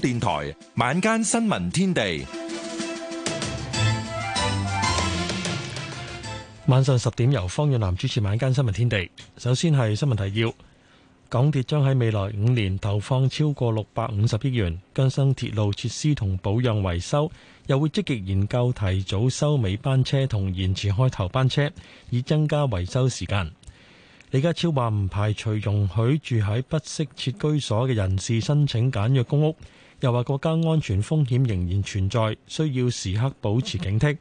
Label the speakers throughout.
Speaker 1: 電台晚間新聞天地，
Speaker 2: 晚上十點由方遠南主持晚間新聞天地。首先係新聞提要：港鐵將喺未來五年投放超過六百五十億元更新鐵路設施同保養維修，又會積極研究提早收尾班車同延遲開頭班車，以增加維修時間。李家超話唔排除容許住喺不適切居所嘅人士申請簡約公屋。又話國家安全風險仍然存在，需要時刻保持警惕。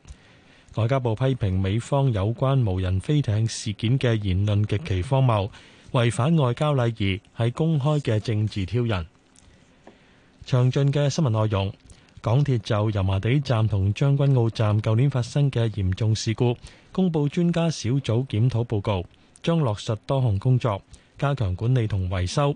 Speaker 2: 外交部批評美方有關無人飛艇事件嘅言論極其荒謬，違反外交禮儀，係公開嘅政治挑釁。詳盡嘅新聞內容，港鐵就油麻地站同將軍澳站舊年發生嘅嚴重事故，公布專家小組檢討報告，將落實多項工作，加強管理同維修。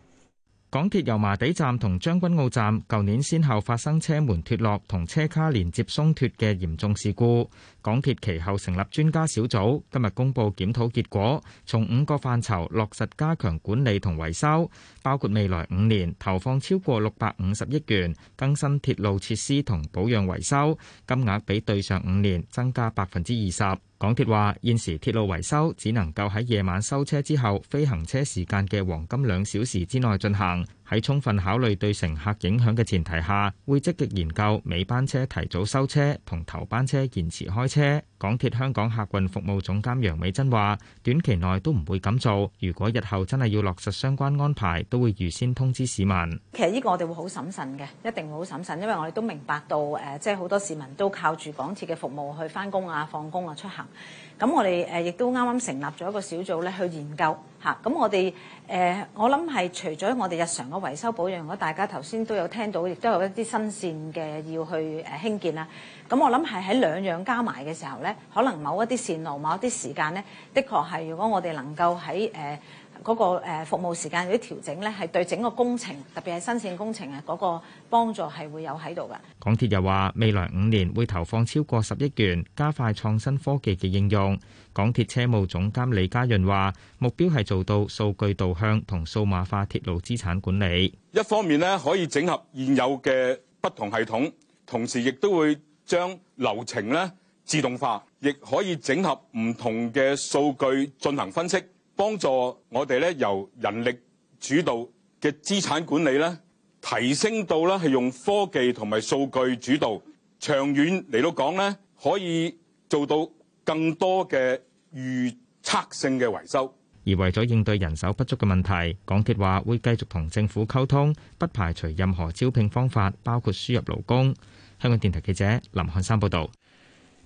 Speaker 3: 港鐵油麻地站同將軍澳站，舊年先後發生車門脫落同車卡連接鬆脫嘅嚴重事故。港鐵其後成立專家小組，今日公布檢討結果，從五個範疇落實加強管理同維修，包括未來五年投放超過六百五十億元更新鐵路設施同保養維修，金額比對上五年增加百分之二十。港鐵話：現時鐵路維修只能夠喺夜晚收車之後非行車時間嘅黃金兩小時之內進行。喺充分考慮對乘客影響嘅前提下，會積極研究尾班車提早收車同頭班車延遲開車。港鐵香港客運服務總監楊美珍話,短期內都唔會咁做,如果日後真係要落實相關安排,都會預先通知市民。
Speaker 4: 其實,呢個我哋會好審慎嘅,一定會好審慎,因為我哋都明白到,即係好多市民都靠住港鐵嘅服務去返工,放工,出行,咁我哋亦都啱啱成立咗一個小組去研究,咁我哋我諗係除咗我哋日常嘅維修保養,如果大家頭先都有聽到,亦都有一些新線嘅要去興建,咁我諗係喺兩樣加埋嘅時候呢，可能某一啲線路、某一啲時間呢，的確係如果我哋能夠喺誒嗰個誒服務時間有啲調整呢，係對整個工程，特別係新線工程啊嗰個幫助係會有喺度㗎。
Speaker 3: 港鐵又話未來五年會投放超過十億元，加快創新科技嘅應用。港鐵車務總監李家潤話：目標係做到數據導向同數碼化鐵路資產管理。
Speaker 5: 一方面呢可以整合現有嘅不同系統，同時亦都會，將流程咧自動化，亦可以整合唔同嘅數據進行分析，幫助我哋咧由人力主導嘅資產管理咧提升到咧係用科技同埋數據主導。長遠嚟到講咧，可以做到更多嘅預測性嘅維修。
Speaker 3: 而為咗應對人手不足嘅問題，港鐵話會繼續同政府溝通，不排除任何招聘方法，包括輸入勞工。香港電台記者林漢山報道，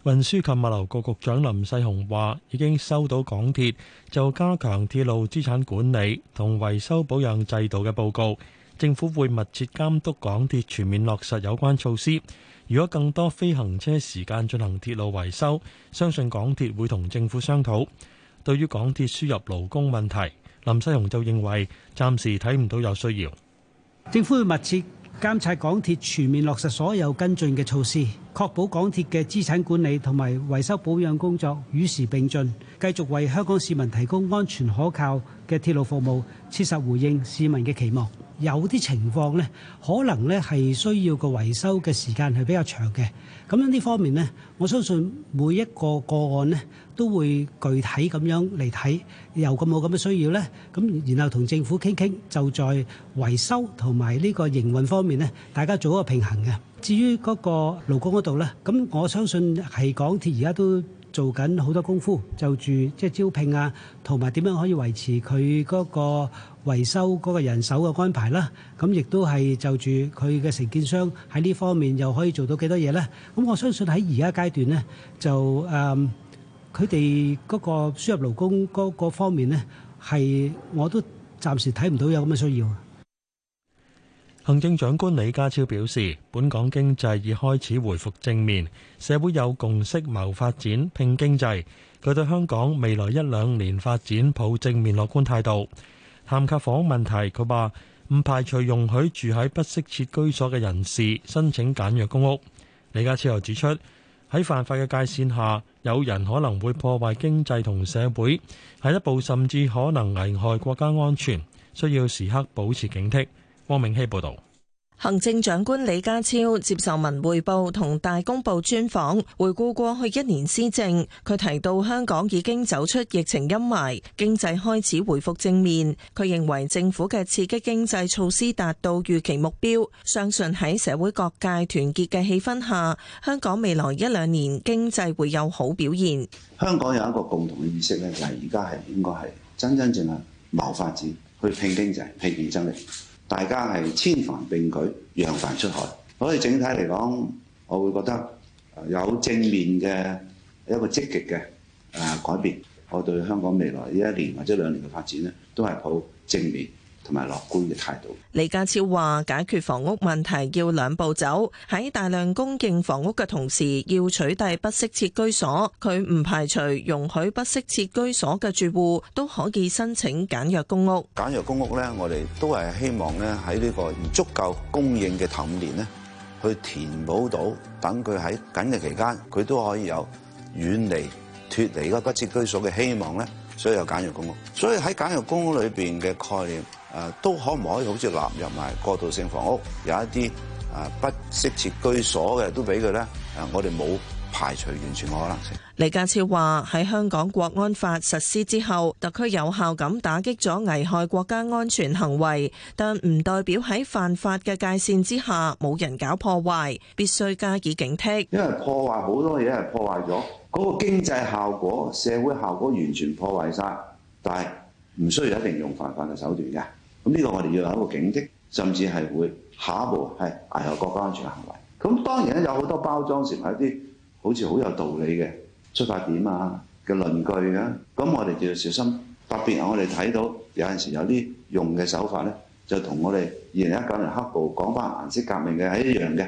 Speaker 3: 運輸及物流局局
Speaker 2: 長林世雄話，已經收到港鐵就加強鐵路資產管理同維修保養制度嘅報告，政府會密切監督港鐵全面落實有關措施。如果更多非行車時間進行鐵路維修，相信港鐵會同政府商討。對於港鐵輸入勞工問題，林世雄就認為暫時睇唔到有需要，
Speaker 6: 政府會密切監察港鐵全面落實所有跟進嘅措施，確保港鐵嘅資產管理同埋維修保養工作與時並進，繼續為香港市民提供安全可靠嘅鐵路服務，切實回應市民嘅期望。有啲情況呢，可能呢係需要個維修嘅時間係比較長嘅。咁喺呢方面呢，我相信每一個個案呢，都會具體咁樣嚟睇，有咁冇咁嘅需要呢，咁然後同政府傾傾，就在維修同埋呢個營運方面呢，大家做一個平衡嘅。至於嗰個勞工嗰度呢，咁我相信係港鐵而家都做緊好多功夫，就住即係招聘啊，同埋點樣可以維持佢嗰個維修嗰個人手嘅安排啦。咁亦都係就住佢嘅承建商喺呢方面又可以做到幾多嘢呢？咁我相信喺而家階段呢，就誒佢哋嗰個輸入勞工嗰個方面呢，係我都暫時睇唔到有咁嘅需要。
Speaker 2: 行政長官李家超表示，本港經濟已開始回復正面，社會有共識謀發展、拼經濟。佢對香港未來一兩年發展抱正面樂觀態度。談及房屋問題，佢話唔排除容許住喺不適切居所嘅人士申請簡約公屋。李家超又指出，喺犯法嘅界線下，有人可能會破壞經濟同社會，下一步甚至可能危害國家安全，需要時刻保持警惕。汪明熙報道，
Speaker 7: 行政長官李家超接受文匯報同大公報專訪，回顧過去一年施政。佢提到，香港已經走出疫情陰霾，經濟開始回復正面。佢認為政府嘅刺激經濟措施達到預期目標，相信喺社會各界團結嘅氣氛下，香港未來一兩年經濟會有好表現。
Speaker 8: 香港有一個共同嘅意識咧，就係而家係應該係真真正正謀發展，去拼經濟，拼競爭力。大家係千帆並舉，揚帆出海，所以整體嚟講，我會覺得有正面嘅一個積極嘅啊改變。我對香港未來呢一年或者兩年嘅發展咧，都係抱正面，同埋樂觀嘅態度。
Speaker 7: 李家超話解決房屋問題要兩步走，喺大量供應房屋嘅同時，要取締不適切居所。佢唔排除容許不適切居所嘅住戶都可以申請簡約公屋。
Speaker 8: 簡約公屋咧，我哋都係希望咧喺呢個唔足夠供應嘅頭五年咧，去填補到，等佢喺緊急期間，佢都可以有遠離脫離嗰不適切居所嘅希望咧，所以有簡約公屋。所以喺簡約公屋裏邊嘅概念。誒都可唔可以好似納入埋過渡性房屋，有一啲誒不適切居所嘅都俾佢咧？誒，我哋冇排除完全嘅可能性。
Speaker 7: 李家超話：喺香港國安法實施之後，特區有效咁打擊咗危害國家安全行為，但唔代表喺犯法嘅界線之下冇人搞破壞，必須加以警惕。因為破
Speaker 8: 壞好多嘢係破壞咗嗰個經濟效果、社會效果完全破壞晒，但係唔需要一定用犯法嘅手段嘅。咁呢個我哋要有一個警惕，甚至係會下一步係危害國家安全行為。咁當然呢有好多包裝，成係一啲好似好有道理嘅出發點啊嘅論據嘅，啊。咁我哋就要小心，特別我哋睇到有陣時候有啲用嘅手法呢，就同我哋二零一九年黑暴講返顏色革命嘅係一樣嘅。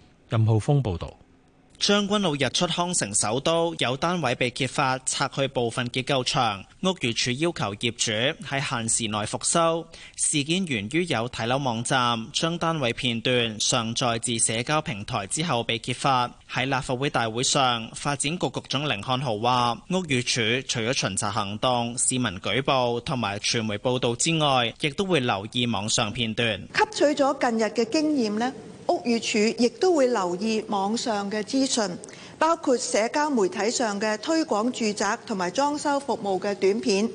Speaker 2: 任浩峰報道：
Speaker 9: 將軍澳日出康城首都有單位被揭發拆去部分結構牆，屋宇署要求業主喺限時內復修。事件源於有睇樓網站將單位片段上載至社交平台之後被揭發。喺立法會大會上，發展局局長甯漢豪話：屋宇署除咗巡查行動、市民舉報同埋傳媒報道之外，亦都會留意網上片段。
Speaker 10: 吸取咗近日嘅經驗呢。屋宇署亦都會留意網上嘅資訊，包括社交媒體上嘅推廣住宅同埋裝修服務嘅短片。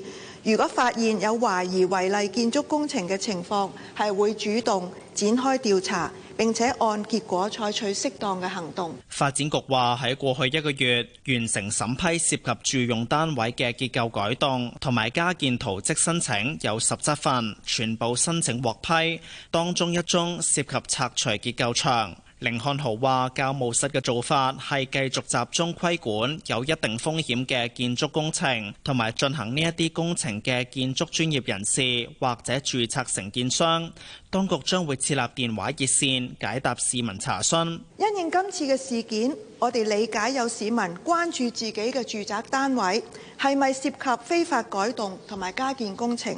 Speaker 10: 如果發現有懷疑違例建築工程嘅情況，係會主動展開調查。並且按結果採取適當嘅行動。
Speaker 9: 發展局話喺過去一個月完成審批涉及住用單位嘅結構改動同埋加建圖則申請有十七份，全部申請獲批，當中一宗涉及拆除結構牆。凌漢豪話教務室嘅做法係繼續集中規管有一定風險嘅建築工程，同埋進行呢一啲工程嘅建築專業人士或者註冊承建商。當局將會設立電話熱線，解答市民查詢。
Speaker 10: 因應今次嘅事件，我哋理解有市民關注自己嘅住宅單位係咪涉及非法改動同埋加建工程，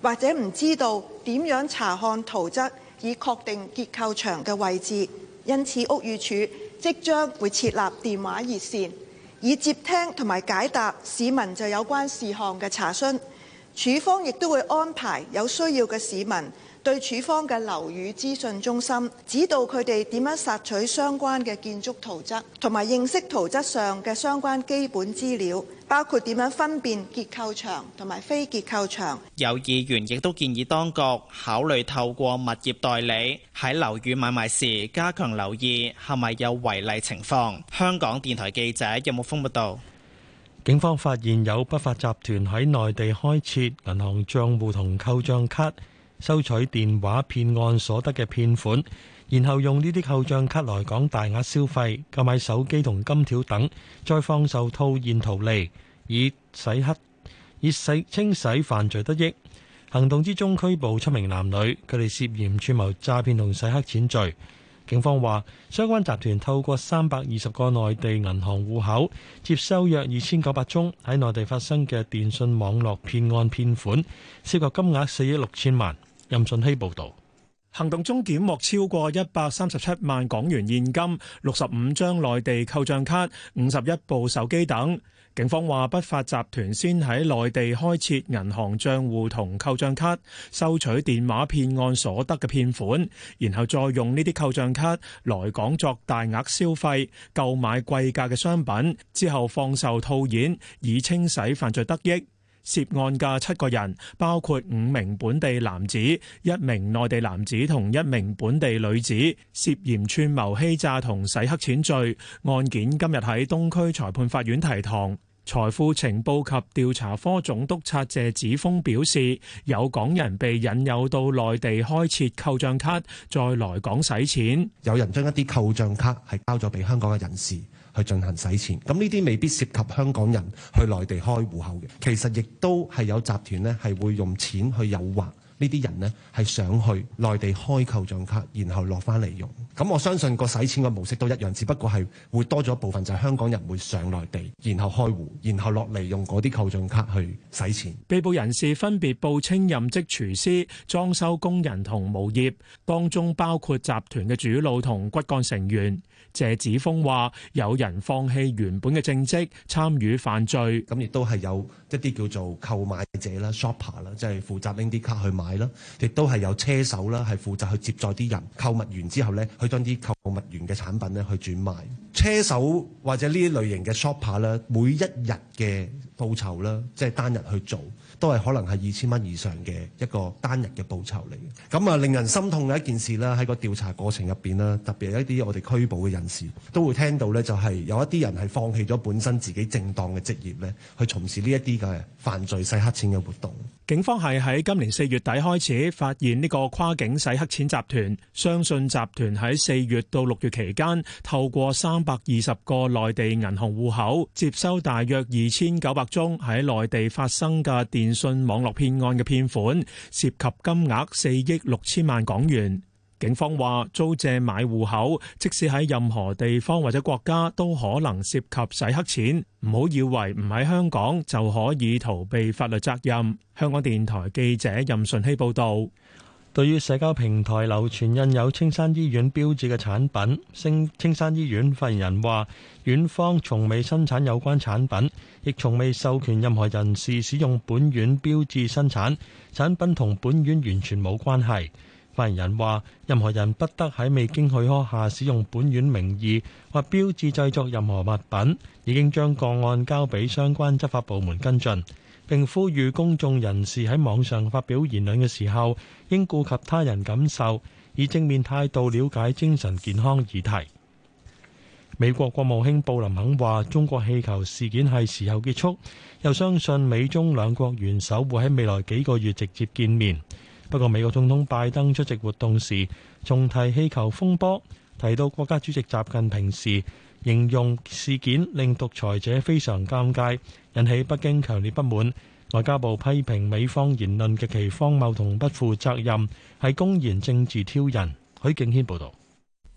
Speaker 10: 或者唔知道點樣查看圖則，以確定結構牆嘅位置。因此，屋宇署即將會設立電話熱線，以接聽同埋解答市民就有關事項嘅查詢。署方亦都會安排有需要嘅市民，對處方嘅樓宇資訊中心指導佢哋點樣索取相關嘅建築圖則，同埋認識圖則上嘅相關基本資料，包括點樣分辨結構牆同埋非結構牆。
Speaker 9: 有議員亦都建議當局考慮透過物業代理喺樓宇買賣時加強留意係咪有違例情況。香港電台記者任木
Speaker 2: 峰報道，警方發現有不法集團喺內地開設銀行帳戶同扣賬卡。收取電話騙案所得嘅騙款，然後用呢啲扣帳卡來講大額消費、購買手機同金條等，再放售套現圖利，以洗黑、以洗清洗犯罪得益。行動之中拘捕七名男女，佢哋涉嫌串謀詐騙同洗黑錢罪。警方話，相關集團透過三百二十個內地銀行戶口接收約二千九百宗喺內地發生嘅電訊網絡騙案騙款，
Speaker 1: 涉及金額四億六千萬。任順熙報道，行動中檢獲超過一百三十七萬港元現金、六十五張內地扣賬卡、五十一部手機等。警方話，不法集團先喺內地開設銀行賬戶同扣賬卡，收取電話騙案所得嘅騙款，然後再用呢啲扣賬卡來港作大額消費、購買貴價嘅商品，之後放售套現，以清洗犯罪得益。涉案嘅七個人，包括五名本地男子、一名內地男子同一名本地女子，涉嫌串謀欺詐同洗黑錢罪。案件今日喺東區裁判法院提堂。財富情報及調查科總督察謝子峰表示，有港人被引誘到內地開設扣帳卡，再來港使錢。有人將一啲扣帳卡係交咗俾香港嘅人士，去進行洗錢，咁呢啲未必涉及香港人去內地開戶口嘅，其實亦都係有集團呢，係會用錢去誘惑呢啲人呢係上去內地開購賬卡，然後落翻嚟用。咁我相信個洗錢嘅模式都一樣，只不過係會多咗一部分就係香港人會上內地，然後開戶，然後落嚟用嗰啲購賬卡去洗錢。被捕人士分別報稱任職廚師、裝修工人同無業，當中包括集團嘅主腦同骨幹成員。謝子峰話：有人放棄原本嘅正職參與犯罪，咁亦都係有一啲叫做購買者啦，shopper 啦，即係負責拎啲卡去買啦，亦都係有車手啦，係負責去接載啲人，購物完之後咧，去將啲購物完嘅產品咧去轉賣。車手或者呢啲類型嘅 shopper 啦，每一日嘅。報酬啦，即係單日去做，都係可能係二千蚊以上嘅一個單日嘅報酬嚟嘅。咁啊，令人心痛嘅一件事啦，喺個調查過程入邊啦，特別係一啲我哋拘捕嘅人士，都會聽到呢，就係有一啲人係放棄咗本身自己正當嘅職業呢，去從事呢一啲嘅犯罪洗黑錢嘅活動。警方係喺今年四月底開始發現呢個跨境洗黑錢集團，相信集團喺四月到六月期間，透過三百二十個內地銀行戶口接收大約二千九百。中喺內地發生嘅電信網絡騙案嘅騙款，涉及金額四億六千萬港元。警方話租借買戶口，即使喺任何地方或者國家，都可能涉及洗黑錢。唔好以為唔喺香港就可以逃避法律責任。香港電台記者任順希報導。對於社交平台流傳印有青山醫
Speaker 2: 院標誌嘅產品，青山醫院發言人話：院方從未生產有關產品，亦從未授權任何人士使用本院標誌生產產品，同本院完全冇關係。發言人話：任何人不得喺未經許可下使用本院名義或標誌製作任何物品，已經將個案交俾相關執法部門跟進。並呼籲公眾人士喺網上發表言論嘅時候，應顧及他人感受，以正面態度了解精神健康議題。美國國務卿布林肯話：中國氣球事件係時候結束，又相信美中兩國元首會喺未來幾個月直接見面。不過美國總統拜登出席活動時，重提氣球風波，提到國家主席習近平時，形容事件令獨裁者非常尷尬，引起北京強烈不滿，外交部批評美方言論極其荒謬同不負責任，係公然政治挑釁，許敬軒報道。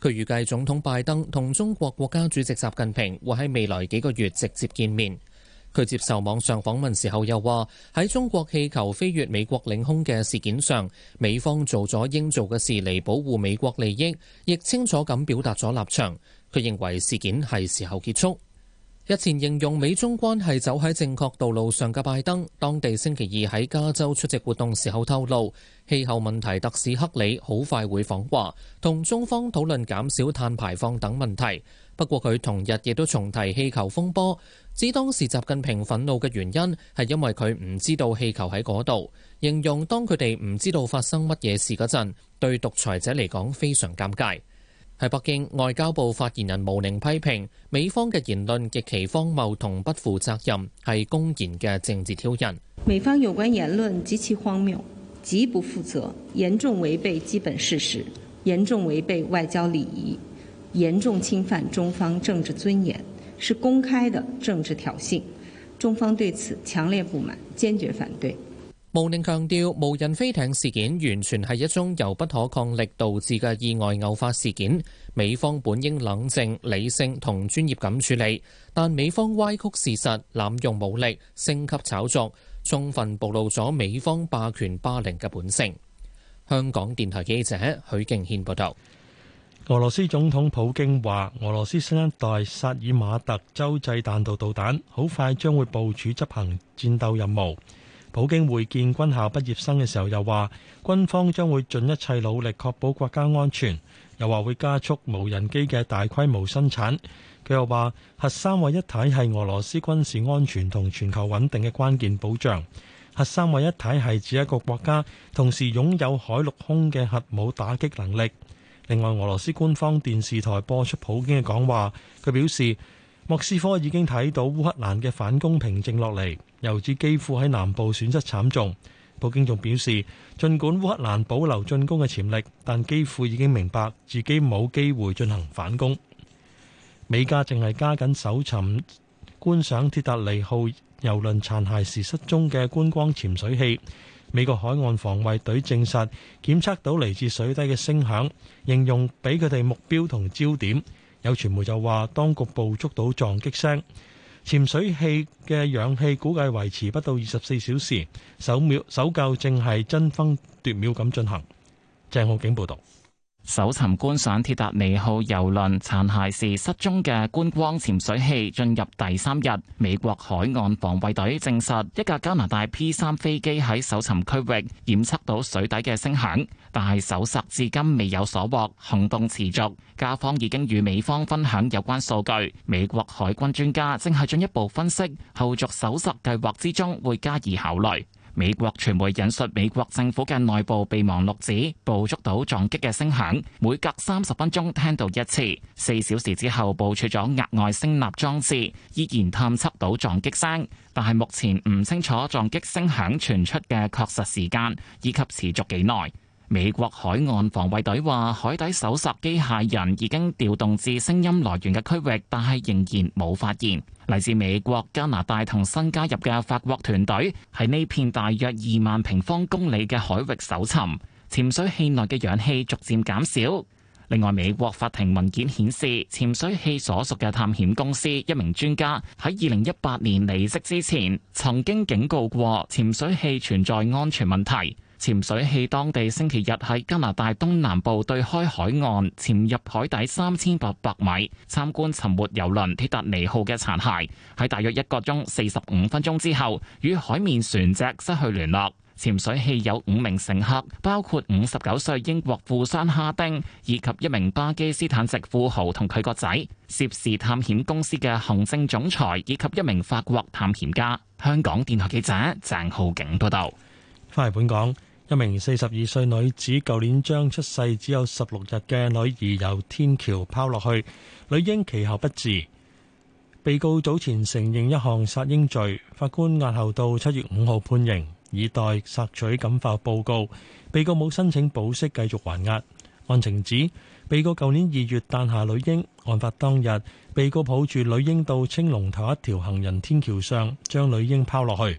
Speaker 11: 佢預計總統拜登同中國國家主席習近平會喺未來幾個月直接見面。佢接受網上訪問時候又話，喺中國氣球飛越美國領空嘅事件上，美方做咗應做嘅事嚟保護美國利益，亦清楚咁表達咗立場。佢認為事件係時候結束。日前形容美中關係走喺正確道路上嘅拜登，當地星期二喺加州出席活動時候透露，氣候問題特使克里好快會訪華，同中方討論減少碳排放等問題。不過佢同日亦都重提氣球風波，指當時習近平憤怒嘅原因係因為佢唔知道氣球喺嗰度，形容當佢哋唔知道發生乜嘢事嗰陣，對獨裁者嚟講非常尷尬。喺北京外交部發言人毛寧批評美方嘅言論極其荒謬同不負責任，係公然嘅政治挑釁。
Speaker 7: 美方有關言論極其荒謬，極不負責，嚴重違背基本事實，嚴重違背外交禮儀，嚴重侵犯中方政治尊嚴，是公開的政治挑釁。中方對此強烈不滿，堅決反對。
Speaker 11: 毛寧強調，無人飛艇事件完全係一宗由不可抗力導致嘅意外偶發事件，美方本應冷靜、理性同專業咁處理，但美方歪曲事實、濫用武力、升級炒作，充分暴露咗美方霸權霸凌嘅本性。
Speaker 2: 香港電台記者許敬軒報道。俄羅斯總統普京話：俄羅斯新一代薩爾馬特洲際彈道導彈好快將會部署執行戰鬥任務。普京會見軍校畢業生嘅時候又話，軍方將會盡一切努力確保國家安全，又話會加速無人機嘅大規模生產。佢又話，核三位一體係俄羅斯軍事安全同全球穩定嘅關鍵保障。核三位一體係指一個國家同時擁有海陸空嘅核武打擊能力。另外，俄羅斯官方電視台播出普京嘅講話，佢表示莫斯科已經睇到烏克蘭嘅反攻平靜落嚟。又指基輔喺南部損失慘重，普京仲表示，儘管烏克蘭保留進攻嘅潛力，但基輔已經明白自己冇機會進行反攻。美加淨係加緊搜尋、觀賞鐵達尼號遊輪殘骸時失蹤嘅觀光潛水器。美國海岸防衛隊證實檢測到嚟自水底嘅聲響，形容俾佢哋目標同焦點。有傳媒就話，當局捕捉到撞擊聲。潛水器嘅氧氣估計維持不到二十四小時，搜秒，搜救正係爭分奪秒咁進
Speaker 12: 行。鄭浩景報道。搜尋觀賞鐵達尼號郵輪殘骸時失蹤嘅觀光潛水器進入第三日，美國海岸防衛隊證實一架加拿大 P 三飛機喺搜尋區域檢測到水底嘅聲響，但係搜索至今未有所獲，行動持續。加方已經與美方分享有關數據，美國海軍專家正喺進一步分析，後續搜尋計劃之中會加以考慮。美國傳媒引述美國政府嘅內部備忘錄指，捕捉到撞擊嘅聲響，每隔三十分鐘聽到一次。四小時之後，部署咗額外聲納裝置，依然探測到撞擊聲，但係目前唔清楚撞擊聲響傳出嘅確實時間以及持續幾耐。美國海岸防衛隊話，海底搜索機械人已經調動至聲音來源嘅區域，但係仍然冇發現。嚟自美國、加拿大同新加入嘅法國團隊喺呢片大約二萬平方公里嘅海域搜尋，潛水器內嘅氧氣逐漸減少。另外，美國法庭文件顯示，潛水器所屬嘅探險公司一名專家喺二零一八年離職之前，曾經警告過潛水器存在安全問題。潛水器當地星期日喺加拿大東南部對開海岸潛入海底三千八百米，參觀沉沒郵輪鐵達尼號嘅殘骸。喺大約一個鐘四十五分鐘之後，與海面船隻失去聯絡。潛水器有五名乘客，包括五十九歲英國富商哈丁以及一名巴基斯坦籍富豪同佢個仔，涉事探險公司嘅行政總裁以及一名法國探險家。香港電台記者鄭浩景報道。翻嚟本港。一名四十二歲女
Speaker 2: 子舊年將出世只有十六日嘅女兒由天橋拋落去，女嬰其後不治。被告早前承認一項殺嬰罪，法官押後到七月五號判刑，以待索取感化報告。被告冇申請保釋，繼續還押。案情指，被告舊年二月誕下女嬰，案發當日，被告抱住女嬰到青龍頭一條行人天橋上，將女嬰拋落去。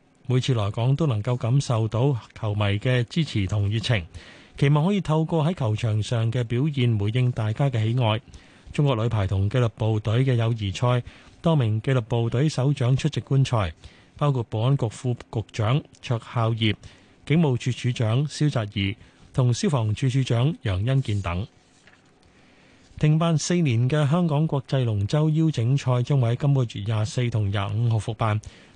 Speaker 2: 每次來港都能夠感受到球迷嘅支持同熱情，期望可以透過喺球場上嘅表現回應大家嘅喜愛。中國女排同紀律部隊嘅友誼賽，多名紀律部隊首長出席觀賽，包括保安局副局長卓孝業、警務處處長蕭澤頤同消防處處長楊恩健等。停辦四年嘅香港國際龍舟邀請賽將會喺今個月廿四同廿五號復辦。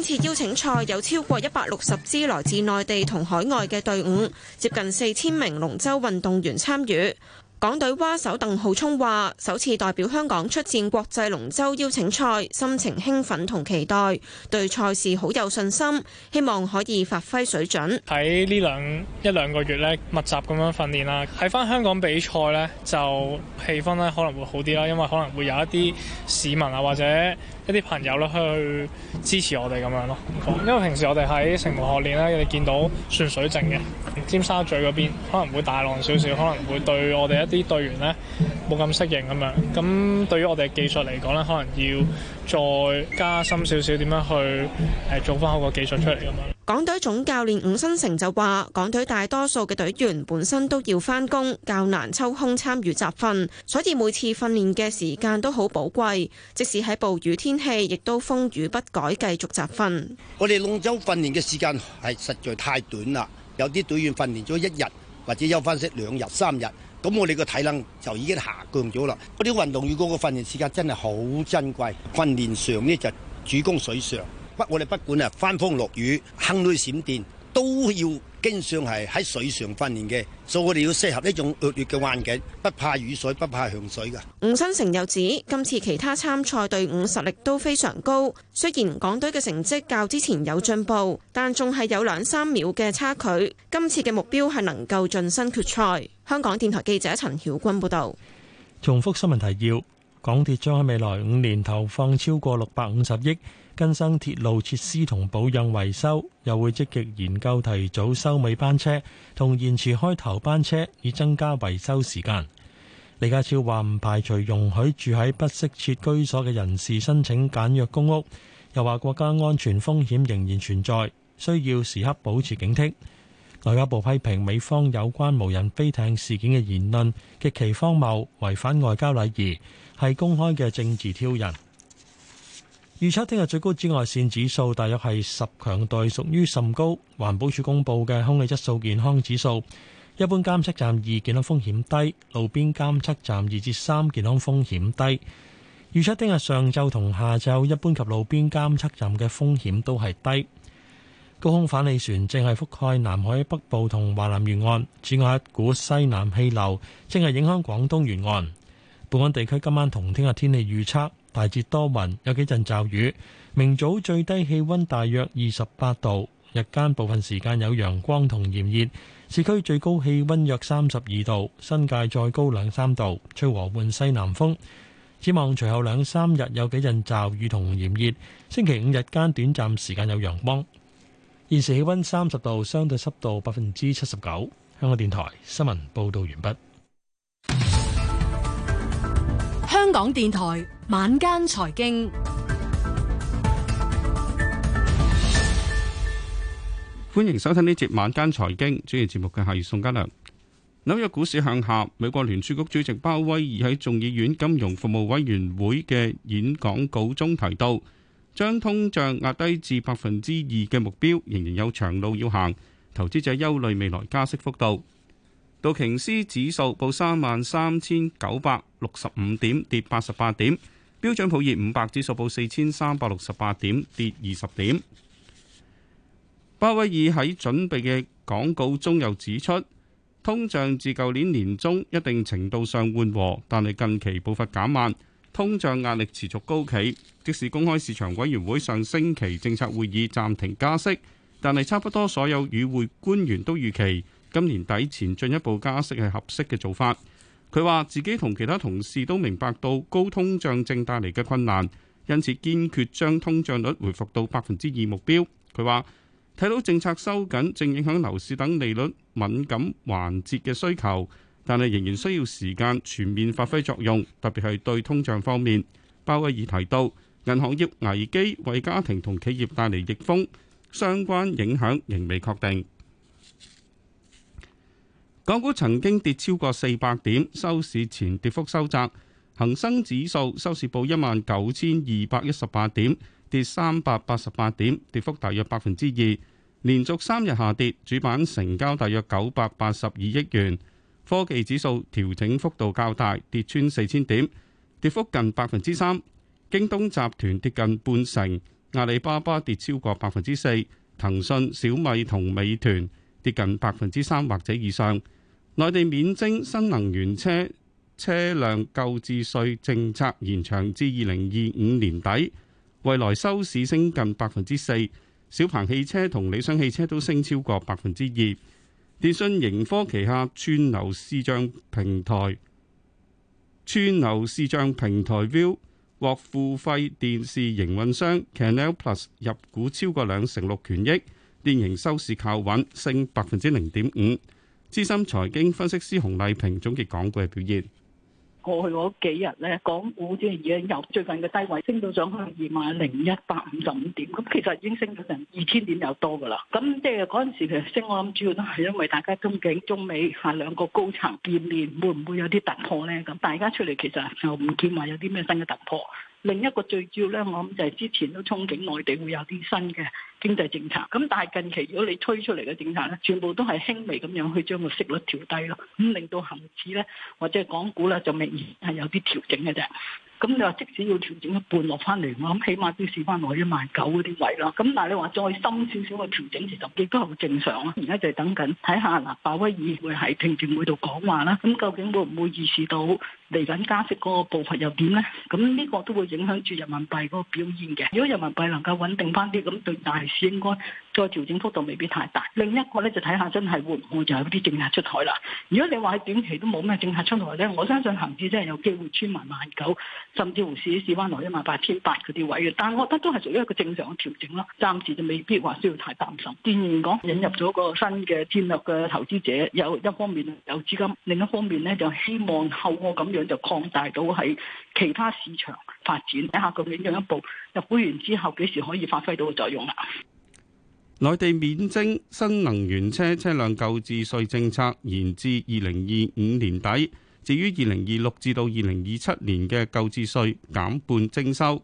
Speaker 13: 今次邀請賽有超過一百六十支來自內地同海外嘅隊伍，接近四千名龍舟運動員參與。港隊蛙手鄧浩聰話，首次代表香港出戰國際龍舟邀請賽，心情興奮同期待，對賽事好有信心，希望可以發揮
Speaker 14: 水準。喺呢兩一兩個月咧，密集咁樣訓練啦，喺返香港比賽呢，就氣氛咧可能會好啲啦，因為可能會有一啲市民啊或者。一啲朋友咯去支持我哋咁樣咯，因為平時我哋喺城門學練咧，你見到算水靜嘅尖沙咀嗰邊可能會大浪少少，可能會對我哋一啲隊員咧冇咁適應咁樣。咁對於我哋技術嚟講咧，可能要再加深少少點樣去誒、呃、做翻好個技術出嚟咁樣。
Speaker 13: 港隊總教練伍新成就話，港隊大多數嘅隊員本身都要翻工，較難抽空參與集訓，所以每次訓練嘅時間都好寶貴。即使喺暴雨天氣，亦都風雨不改，繼續集訓。我哋龍舟訓練嘅時間係實
Speaker 9: 在太短啦，有啲隊員訓練咗一日，或者休翻息兩日，三日，咁我哋個體能就已經下降咗啦。嗰啲運動員如果個訓練時間真係好珍貴，訓練上呢就主攻水上。不，我哋不管啊，翻風落雨、行雷閃電，都要經常係喺水上訓練嘅，所以我哋要適合呢種惡劣嘅環境，不怕雨水，不怕洪水嘅。
Speaker 13: 吳新成又指，今次其他參賽隊伍實力都非常高，雖然港隊嘅成績較之前有進步，但仲係有兩三秒嘅差距。今次嘅目標係能夠晉身決賽。香港電台記者陳曉君報導。
Speaker 2: 重複新聞提要：港鐵將喺未來五年投放超過六百五十億。更新鐵路設施同保養維修，又會積極研究提早收尾班車同延遲開頭班車，以增加維修時間。李家超話唔排除容許住喺不適切居所嘅人士申請簡約公屋。又話國家安全風險仍然存在，需要時刻保持警惕。外交部批評美方有關無人飛艇事件嘅言論極其荒謬，違反外交禮儀，係公開嘅政治挑釁。預測聽日最高紫外線指數大約係十，強度屬於甚高。環保署公布嘅空氣質素健康指數，一般監測站二，健康風險低，路邊監測站二至三，健康風險低。預測聽日上晝同下晝一般及路邊監測站嘅風險都係低。高空反氣旋正係覆蓋南海北部同華南沿岸，此外一股西南氣流正係影響廣東沿岸。本港地區今晚同聽日天氣預測。大致多雲，有幾陣驟雨。明早最低氣溫大約二十八度，日間部分時間有陽光同炎熱，市區最高氣溫約三十二度，新界再高兩三度。吹和緩西南風，展望隨後兩三日有幾陣驟雨同炎熱，星期五日間短暫時間有陽光。現時氣溫三十度，相對濕度百分之七十九。香港電台新聞報道完畢。
Speaker 4: 香港電台晚間財經，
Speaker 5: 歡迎收聽呢節晚間財經，主持節目嘅係宋家良。紐約股市向下，美國聯儲局主席鮑威爾喺眾議院金融服務委員會嘅演講稿中提到，將通脹壓低至百分之二嘅目標仍然有長路要行，投資者憂慮未來加息幅度。道瓊斯指數報三萬三千九百六十五點，跌八十八點；標準普爾五百指數報四千三百六十八點，跌二十點。鮑威爾喺準備嘅講稿中又指出，通脹自舊年年中一定程度上緩和，但係近期步伐減慢，通脹壓力持續高企。即使公開市場委員會上星期政策會議暫停加息，但係差不多所有與會官員都預期，今年底前進一步加息係合適嘅做法。佢話自己同其他同事都明白到高通脹正帶嚟嘅困難，因此堅決將通脹率回復到百分之二目標。佢話睇到政策收緊正影響樓市等利率敏感環節嘅需求，但係仍然需要時間全面發揮作用，特別係對通脹方面。鮑威爾提到，銀行業危機為家庭同企業帶嚟逆風，相關影響仍未確定。港股曾經跌超過四百點，收市前跌幅收窄。恒生指數收市報一萬九千二百一十八點，跌三百八十八點，跌幅大約百分之二，連續三日下跌。主板成交大約九百八十二億元。科技指數調整幅度較大，跌穿四千點，跌幅近百分之三。京東集團跌近半成，阿里巴巴跌超過百分之四，騰訊、小米同美團跌近百分之三或者以上。.內地免徵新能源車車輛購置稅政策延長至二零二五年底，蔚來收市升近百分之四，小鵬汽車同理想汽車都升超過百分之二。電信盈科旗下串流視像平台串流視像平台 View 獲付費電視營運商 Canal Plus 入股超過兩成六權益，電盈收市靠穩，升百分之零點五。資深財經分析師洪麗萍總結港股嘅表現：
Speaker 4: 過去嗰幾日咧，港股已經由最近嘅低位升到上去二萬零一百五十五點，咁其實已經升咗成二千點有多噶啦。咁即係嗰陣時其實升，我諗主要都係因為大家中景中美下兩個高層見面，會唔會有啲突破咧？咁大家出嚟其實就唔見話有啲咩新嘅突破。另一個最主要咧，我諗就係之前都憧憬內地會有啲新嘅經濟政策，咁但係近期如果你推出嚟嘅政策咧，全部都係輕微咁樣去將個息率調低咯，咁令到恆指咧，或者係港股咧，就明顯係有啲調整嘅啫。咁你話即使要調整一半落翻嚟，我諗起碼都要試翻落一萬九嗰啲位啦。咁但係你話再深少少去調整，其實亦都好正常咯。而家就等緊睇下嗱，鮑威爾會喺聽證會度講話啦。咁究竟會唔會意識到嚟緊加息嗰個步伐又點咧？咁呢個都會影響住人民幣嗰個表現嘅。如果人民幣能夠穩定翻啲，咁對大市應該，再調整幅度未必太大，另一個咧就睇下真係會唔會就有啲政策出台啦。如果你話喺短期都冇咩政策出台咧，我相信恒指真係有機會穿埋萬九，甚至乎試一試翻落一萬八千八嗰啲位嘅。但係我覺得都係屬於一個正常嘅調整咯，暫時就未必話需要太擔心。當然講引入咗個新嘅戰略嘅投資者，有一方面有資金，另一方面咧就希望透過咁樣就擴大到喺其他市場發展，睇下佢點樣一步入股完之後幾時可以發揮到個作用啦。
Speaker 5: 內地免徵新能源車車輛購置稅政策延至二零二五年底，至於二零二六至到二零二七年嘅購置稅減半徵收。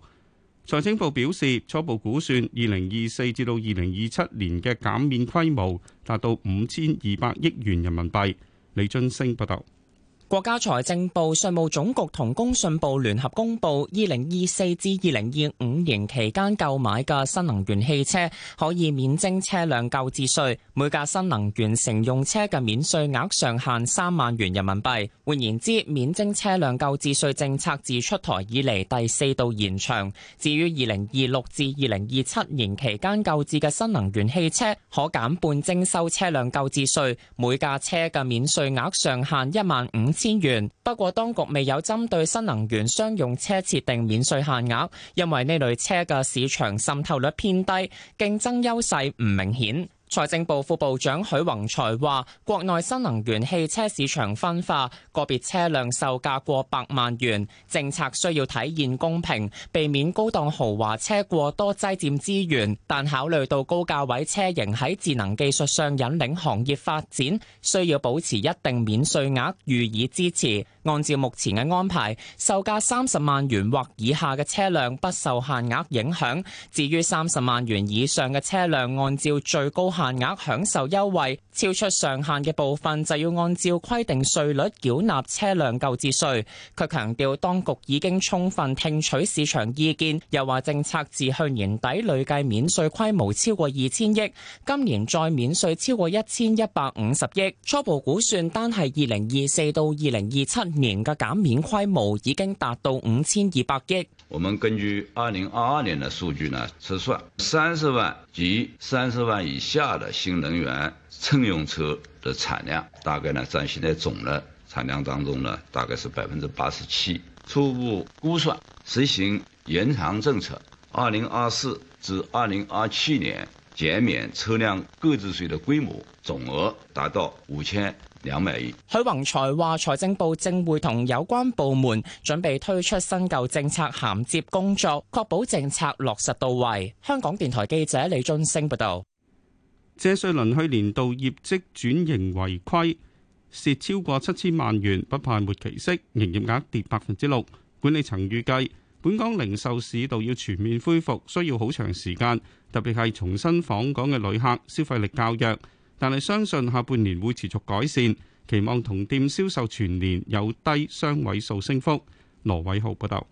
Speaker 5: 財政部表示，初步估算二零二四至到二零二七年嘅減免規模達到五千二百億元人民幣。李俊升報道。國家財
Speaker 15: 政部、稅務總局同工信部聯合公布，二零二四至二零二五年期間購買嘅新能源汽車可以免徵車輛購置稅，每架新能源乘用車嘅免稅額上限三萬元人民幣。換言之，免徵車輛購置稅政策自出台以嚟第四度延長。至於二零二六至二零二七年期間購置嘅新能源汽車，可減半徵收車輛購置稅，每架車嘅免稅額上限一萬五千千元，不過當局未有針對新能源商用車設定免稅限額，因為呢類車嘅市場滲透率偏低，競爭優勢唔明顯。財政部副部長許宏才話，國內新能源汽車市場分化，個別車輛售價過百萬元，政策需要體現公平，避免高檔豪華車過多擠佔資源。但考慮到高價位車型喺智能技術上引領行業發展，需要保持一定免稅額予以支持。按照目前嘅安排，售價三十萬元或以下嘅車輛不受限額影響，至於三十萬元以上嘅車輛按照最高限額享受優惠，超出上限嘅部分就要按照規定稅率繳納車輛購置稅。佢強調當局已經充分聽取市場意見，又話政策自去年底累計免稅規模超過二千億，今年再免稅超過一千一百五十億，初步估算單係二零二四到二零二七。
Speaker 8: 年嘅減免規模已經達到五千二百億。我們根據二零二二年的數據呢，測算三十萬及三十萬以下的新能源乘用車的產量，大概呢占現在總嘅產量當中呢，大概是百分之八十七。初步估算，實行延長政策，二零二四至二零二七年減免車輛購置稅的規模總額達到五千。梁美
Speaker 15: 許宏才話：財政部正會同有關部門準備推出新舊政策銜接工作，確保政策
Speaker 5: 落實到位。香港電台記者李俊升報道，謝瑞麟去年度業績轉盈為虧，蝕超過七千萬元，不派末期息，營業額跌百分之六。管理層預計，本港零售市道要全面恢復，需要好長時間，特別係重新訪港嘅旅客消費力較弱。但係相信下半年會持續改善，期望同店銷售全年有低雙位數升幅。羅偉浩報道，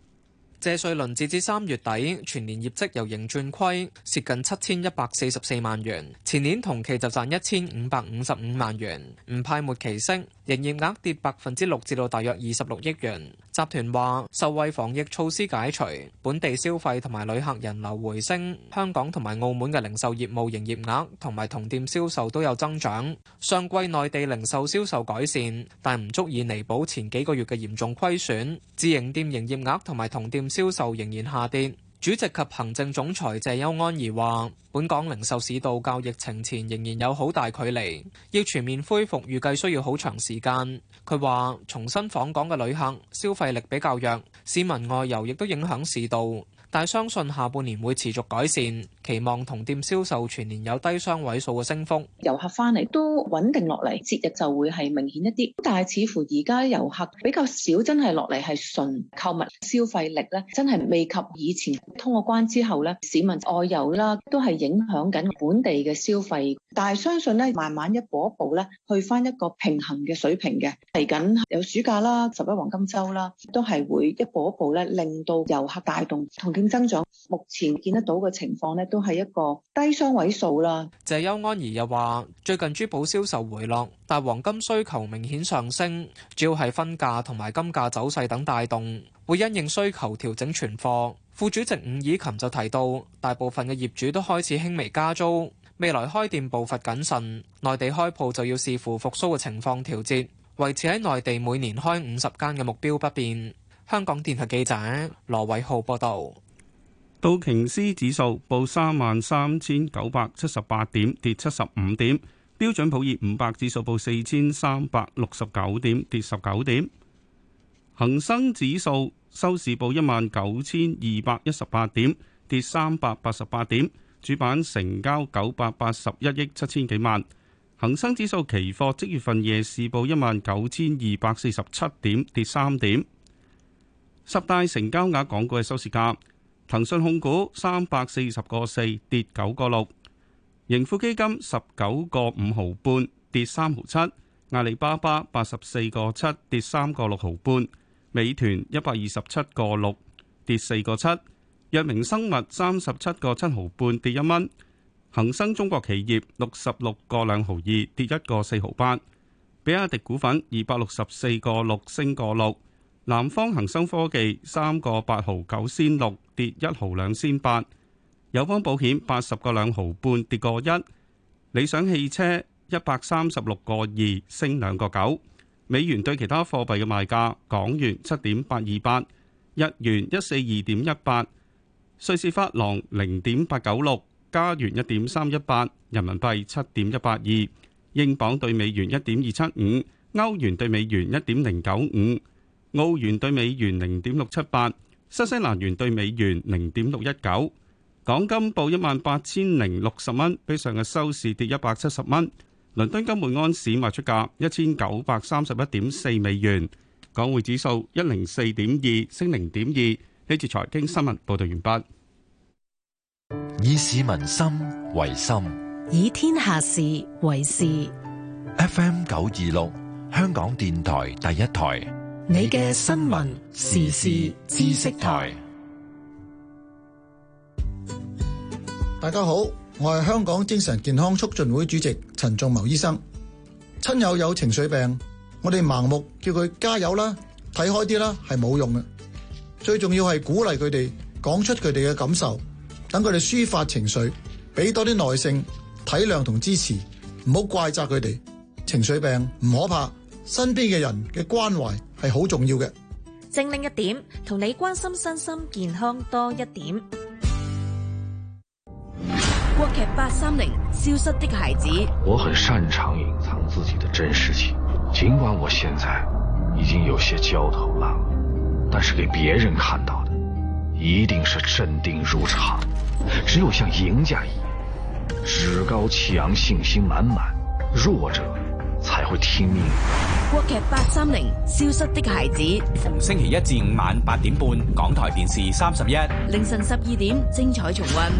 Speaker 14: 謝瑞麟截至三月底全年業績由盈轉虧，蝕近七千一百四十四萬元。前年同期就賺一千五百五十五萬元，唔派末期息。營業額跌百分之六，至到大約二十六億元。集團話受惠防疫措施解除，本地消費同埋旅客人流回升，香港同埋澳門嘅零售業務營業額同埋同店銷售都有增長。上季內地零售銷售改善，但唔足以彌補前幾個月嘅嚴重虧損。自營店營業額同埋同店銷售仍然下跌。主席及行政總裁謝邱安儀話，本港零售市道較疫情前仍然有好大距離，要全面恢復預計需要好長時間。佢話，重新訪港嘅旅客消費力比較弱，市民外遊亦都影響市道。但係相信下半年會持續改善，期望同店銷售全年有低雙位數嘅升幅。
Speaker 7: 遊客翻嚟都穩定落嚟，節日就會係明顯一啲。但係似乎而家遊客比較少真，真係落嚟係純購物消費力咧，真係未及以前通咗關之後咧，市民外遊啦都係影響緊本地嘅消費。但係相信咧，慢慢一步一步咧，去翻一個平衡嘅水平嘅。嚟緊有暑假啦、十一黃金週啦，都係會一步一步咧令到遊客帶動同增長目前見得到嘅情況呢，都係一個低雙位數啦。
Speaker 14: 謝邱安儀又話最近珠寶銷售回落，但黃金需求明顯上升，主要係分價同埋金價走勢等帶動，會因應需求調整存貨。副主席伍以琴就提到，大部分嘅業主都開始輕微加租，未來開店步伐謹慎。內地開鋪就要視乎復蘇嘅情況調節，維持喺內地每年開五十間嘅目標不變。香港電台記者羅偉浩報道。
Speaker 5: 道瓊斯指數報三萬三千九百七十八點，跌七十五點；標準普爾五百指數報四千三百六十九點，跌十九點；恒生指數收市報一萬九千二百一十八點，跌三百八十八點；主板成交九百八十一億七千幾萬；恒生指數期貨即月份夜市報一萬九千二百四十七點，跌三點；十大成交額港股嘅收市價。騰訊控股三百四十個四跌九個六，盈富基金十九個五毫半跌三毫七，阿里巴巴八十四個七跌三個六毫半，美團一百二十七個六跌四個七，藥明生物三十七個七毫半跌一蚊，恒生中國企業六十六個兩毫二跌一個四毫八，比亞迪股份二百六十四個六升個六。南方恒生科技三個八毫九仙六跌一毫兩仙八，友邦保險八十個兩毫半跌過一，理想汽車一百三十六個二升兩個九。美元對其他貨幣嘅賣價：港元七點八二八，日元一四二點一八，瑞士法郎零點八九六，加元一點三一八，人民幣七點一八二，英鎊對美元一點二七五，歐元對美元一點零九五。澳元兌美元零點六七八，新西蘭元兌美元零點六一九，港金報一萬八千零六十蚊，比上日收市跌一百七十蚊。倫敦金每安士賣出價一千九百三十一點四美元，港匯指數一零四點二升零點二。呢次財經新聞報道完畢。以市民心為心，
Speaker 1: 以天下事為事。FM 九二六，香港電台第一台。
Speaker 3: 你嘅新聞時事知識
Speaker 11: 台，大家好，我係香港精神健康促進會主席陳仲謀醫生。親友有情緒病，我哋盲目叫佢加油啦，睇開啲啦，係冇用嘅。最重要係鼓勵佢哋講出佢哋嘅感受，等佢哋抒發情緒，俾多啲耐性，體諒同支持，唔好怪責佢哋。情緒病唔可怕，身邊嘅人嘅關懷。係好重要
Speaker 2: 嘅，
Speaker 13: 證明一點，同你關心身心健康多一點。國劇八三零，消失的孩子。我
Speaker 1: 很擅長隱藏自己的真實性。盡管我現在已經有些焦頭爛額，但是給別人看到的一定是鎮定如常。只有像贏家一樣趾高氣昂，信心滿滿，弱者才會聽命。
Speaker 13: 國劇八三零《消失的孩子》，逢
Speaker 9: 星期一至五晚八點半，港台電視三十一，
Speaker 13: 凌晨十二點精
Speaker 7: 彩重溫。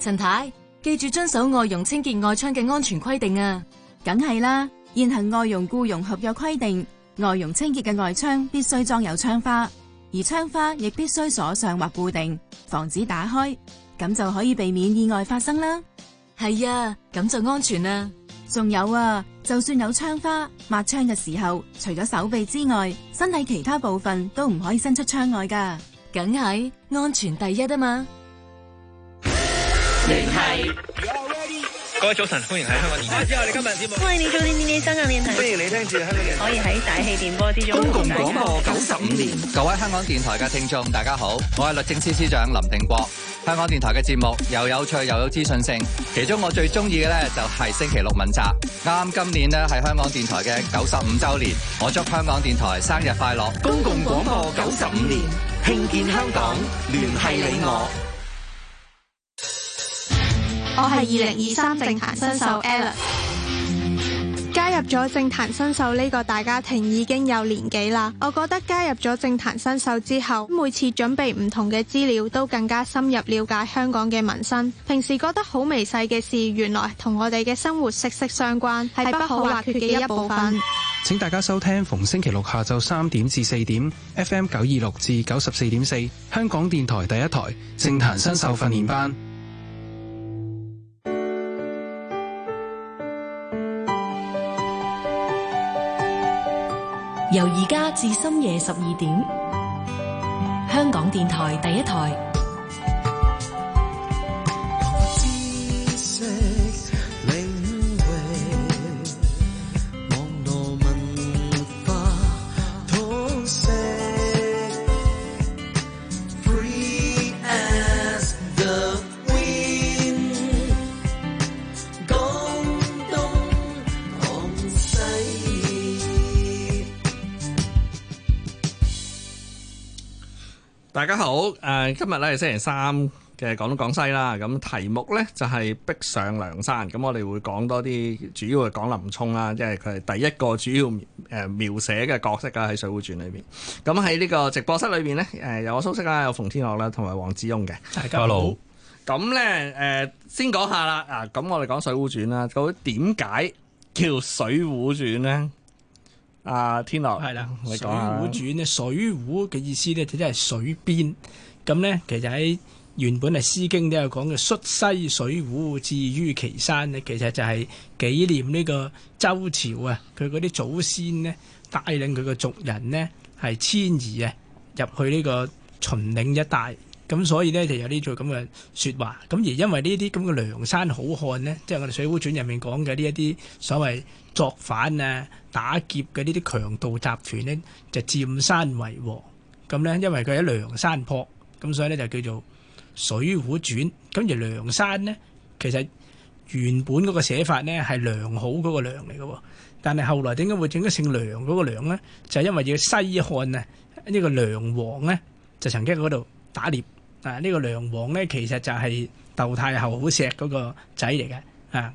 Speaker 7: 陳太，記住遵守外傭清潔外窗嘅安全規定啊！梗係啦，現行外傭僱傭合約規定，外傭清潔嘅外窗必須裝有窗花，而窗花亦必須鎖上或固定，防止打開，咁就可以避免意外發生啦。係啊，咁就安全啦。仲有啊！就算有窗花，抹窗嘅時候，除咗手臂之外，身體其他部分都唔可以伸出窗外噶，梗係安全第一啊嘛！體 are 各位早晨，歡迎
Speaker 14: 喺香港電台之外，你今日節
Speaker 10: 目
Speaker 7: 為你做練練聲啊，歡迎你聽住香港電台，可以喺大氣電波之中。公共廣
Speaker 11: 播九十五年，年嗯、各位香港電台嘅聽眾大家好，我係律政司司司長林定國。香港電台嘅節目又有趣又有資訊性，其中我最中意嘅呢就係星期六問責。啱今年呢係香港電台嘅九十五周年，我祝香港電台生日快樂！
Speaker 15: 公共廣播九十五年，慶建香港，
Speaker 11: 聯繫你我。我係
Speaker 15: 二零二
Speaker 13: 三政壇新秀 Ellen 加入咗政壇新秀呢個大家庭已經有年幾啦，我覺得加入咗政壇新秀之後，每次準備唔同嘅資料都更加深入了解香港嘅民生。平時覺得好微細嘅事，原來同我哋嘅生活息息相關，係不可或缺嘅一部分。
Speaker 14: 請大家收聽逢星期六下晝三點至四點，FM 九二六至九十四點四，香港電台第一台
Speaker 12: 政壇新秀訓練班。
Speaker 4: 由而家至深夜十二點，香港電台第一台。
Speaker 14: 大家好，誒，今日咧係星期三嘅講東講西啦，咁題目咧就係逼上梁山，咁我哋會講多啲，主要係講林沖啦，即係佢係第一個主要誒描寫嘅角色噶喺《水滸傳》裏邊。咁喺呢個直播室裏邊咧，誒，有我蘇軾啦，有馮天樂啦，同埋
Speaker 3: 黃志勇嘅。大
Speaker 14: 家好。咁咧，誒，先講下啦，啊，咁我哋講《水滸傳》啦，咁究竟點解叫《水滸傳》咧？啊，天樂係啦，的水傳《水滸傳》咧，《水滸》嘅意思呢，就即、是、係水邊。咁呢，其實喺原本係《詩經》都有講嘅，率西水滸至於岐山呢，其實就係紀念呢個周朝啊，佢嗰啲祖先呢，帶領佢嘅族人呢，係遷移啊，入去呢個秦嶺一帶。咁所以呢，就有呢句咁嘅說話。咁而因為呢啲咁嘅梁山好漢呢，即係我哋《水滸傳》入面講嘅呢一啲所謂作反啊、打劫嘅呢啲強盜集團呢，就佔山為王。咁呢，因為佢喺梁山泊，咁所以呢，就叫做《水滸傳》。咁而梁山呢，其實原本嗰個寫法呢，係梁好嗰個梁嚟嘅，但係後來點解會整咗姓梁嗰個梁呢？就係因為要西漢啊，呢個梁王呢，就曾經喺度打獵。
Speaker 6: 啊！呢個梁王咧，其實就係竇太后好錫嗰個仔嚟嘅，啊。